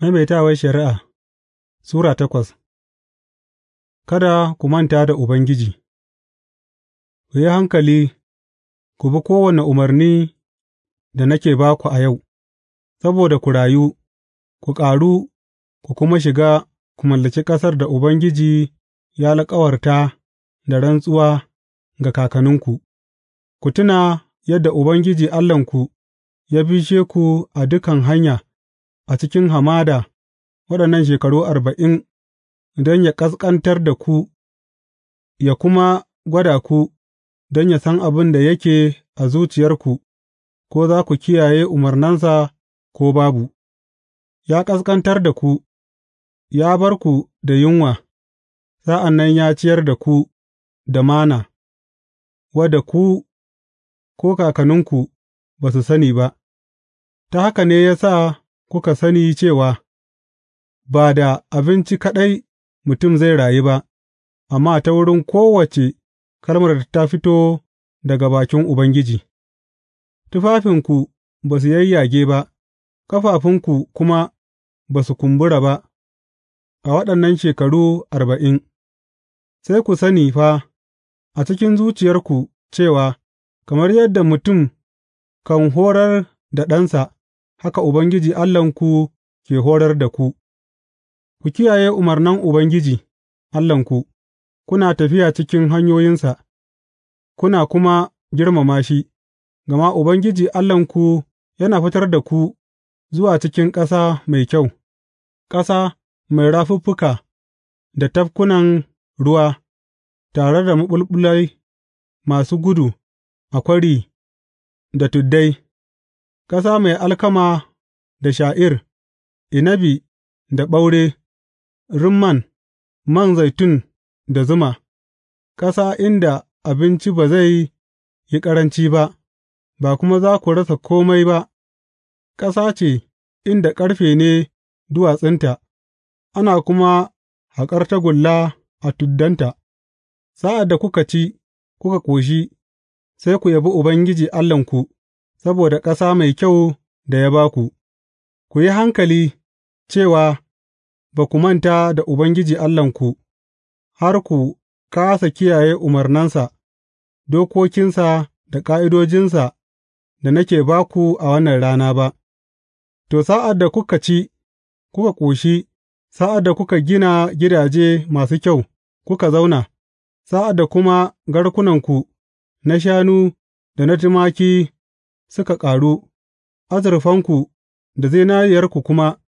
Maimaitawar Shari'a Sura takwas Kada ku manta da Ubangiji Ku yi hankali, ku bi kowane umarni da nake ba ku a yau, saboda ku rayu, ku ƙaru, ku kuma shiga ku mallaki ƙasar da Ubangiji ya alkawarta da rantsuwa ga kakanninku, ku tuna yadda Ubangiji Allahnku ya bishe ku a dukan hanya. a cikin hamada waɗannan shekaru arba'in don yă ƙasƙantar da ku yă kuma gwada ku don yă san abin da yake a zuciyarku ko za ku kiyaye umarnansa ko babu, ya ƙasƙantar da ku, ya bar ku da yunwa, sa'an nan ya ciyar da ku da mana, wadda ku ko kakanninku ba su sani ba, ta haka ne ya sa kuka sani cewa, ba da abinci kaɗai mutum zai rayu ba, amma ta wurin kowace kalmar da ta fito daga bakin Ubangiji, tufafinku ba su yayyage ba, ƙafafunku kuma ba su kumbura ba, a waɗannan shekaru arba'in, sai ku sani fa a cikin zuciyarku cewa, kamar yadda mutum kan horar da ɗansa, haka Ubangiji Allahnku ke horar da ku, ku kiyaye umarnan Ubangiji Allahnku, kuna tafiya cikin hanyoyinsa, kuna kuma girmama shi, gama Ubangiji Allahnku yana fitar da ku zuwa cikin ƙasa mai kyau, ƙasa mai rafuffuka da tafkunan ruwa, tare da maɓulɓulai masu gudu a kwari da tuddai. ƙasa mai alkama da sha'ir, inabi da ɓaure, rumman, man zaitun da zuma, ƙasa inda abinci ba zai yi ƙaranci ba, ba kuma za ku rasa komai ba, ƙasa ce inda ƙarfe ne duwatsunta, ana kuma haƙar tagulla a tuddanta, sa'ad da kuka ci, kuka ƙoshi, sai ku yabi Ubangiji Allahnku. saboda ƙasa mai kyau da ya ba ku, ku yi hankali cewa ba ku manta da Ubangiji Allahnku, har ku kāsa kiyaye umarnansa, dokokinsa da ƙa'idojinsa da nake ba ku a wannan rana ba, to, sa'ad da kuka ci, kuka ƙoshi, sa'ad da kuka gina gidaje masu kyau, kuka zauna, sa'ad da kuma garkunanku na shanu da na tumaki suka ƙaru, azurfanku da zinariyarku kuma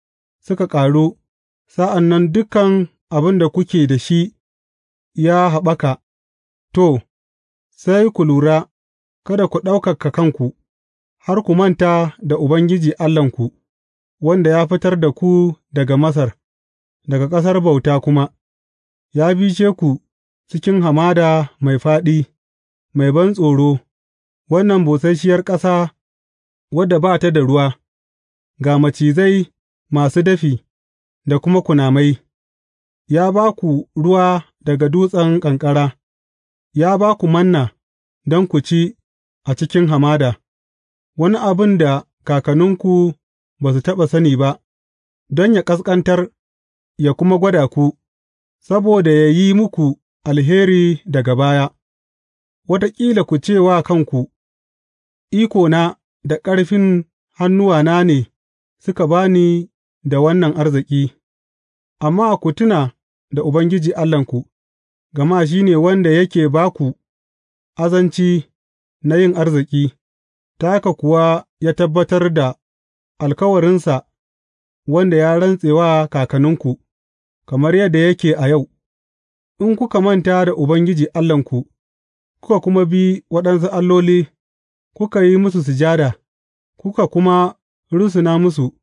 suka ƙaru, sa'an nan dukan abin da kuke da shi ya haɓaka, to, sai ku lura, kada ku ɗaukaka kanku, har ku manta da Ubangiji Allahnku, wanda ya fitar da ku daga Masar, daga ƙasar bauta kuma, ya bishe ku cikin hamada mai fāɗi, mai ban tsoro. wannan busasshiyar ƙasa wadda ba ta da ruwa, ga macizai masu dafi da kuma kunamai, ya ba ku ruwa daga dutsen ƙanƙara, ya ba ku manna don ku ci a cikin hamada, wani abin da kakanninku ba su taɓa sani ba, don ya ƙasƙantar ya kuma gwada ku, saboda ya yi muku alheri daga baya, wataƙila ku ce wa kanku. ikona da ƙarfin hannuwana ne suka ba ni da wannan arziki, amma ku tuna da Ubangiji Allahnku, gama shi ne wanda yake ba ku azanci na yin arziki, ta haka kuwa ya tabbatar da alkawarinsa wanda ya rantse wa kakanninku, kamar yadda yake a yau, in kuka manta da Ubangiji Allahnku, kuka kuma bi waɗansu alloli. kuka yi musu sujada, kuka kuma rusuna musu,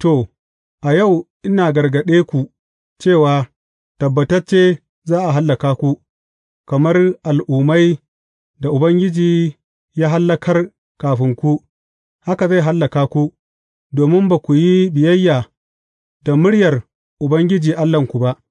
to, a yau ina gargaɗe ku cewa tabbatacce za a hallaka ku, kamar al'ummai da Ubangiji ya hallakar kafin ku, haka zai hallaka ku, domin ba ku yi biyayya da muryar Ubangiji Allahnku ba.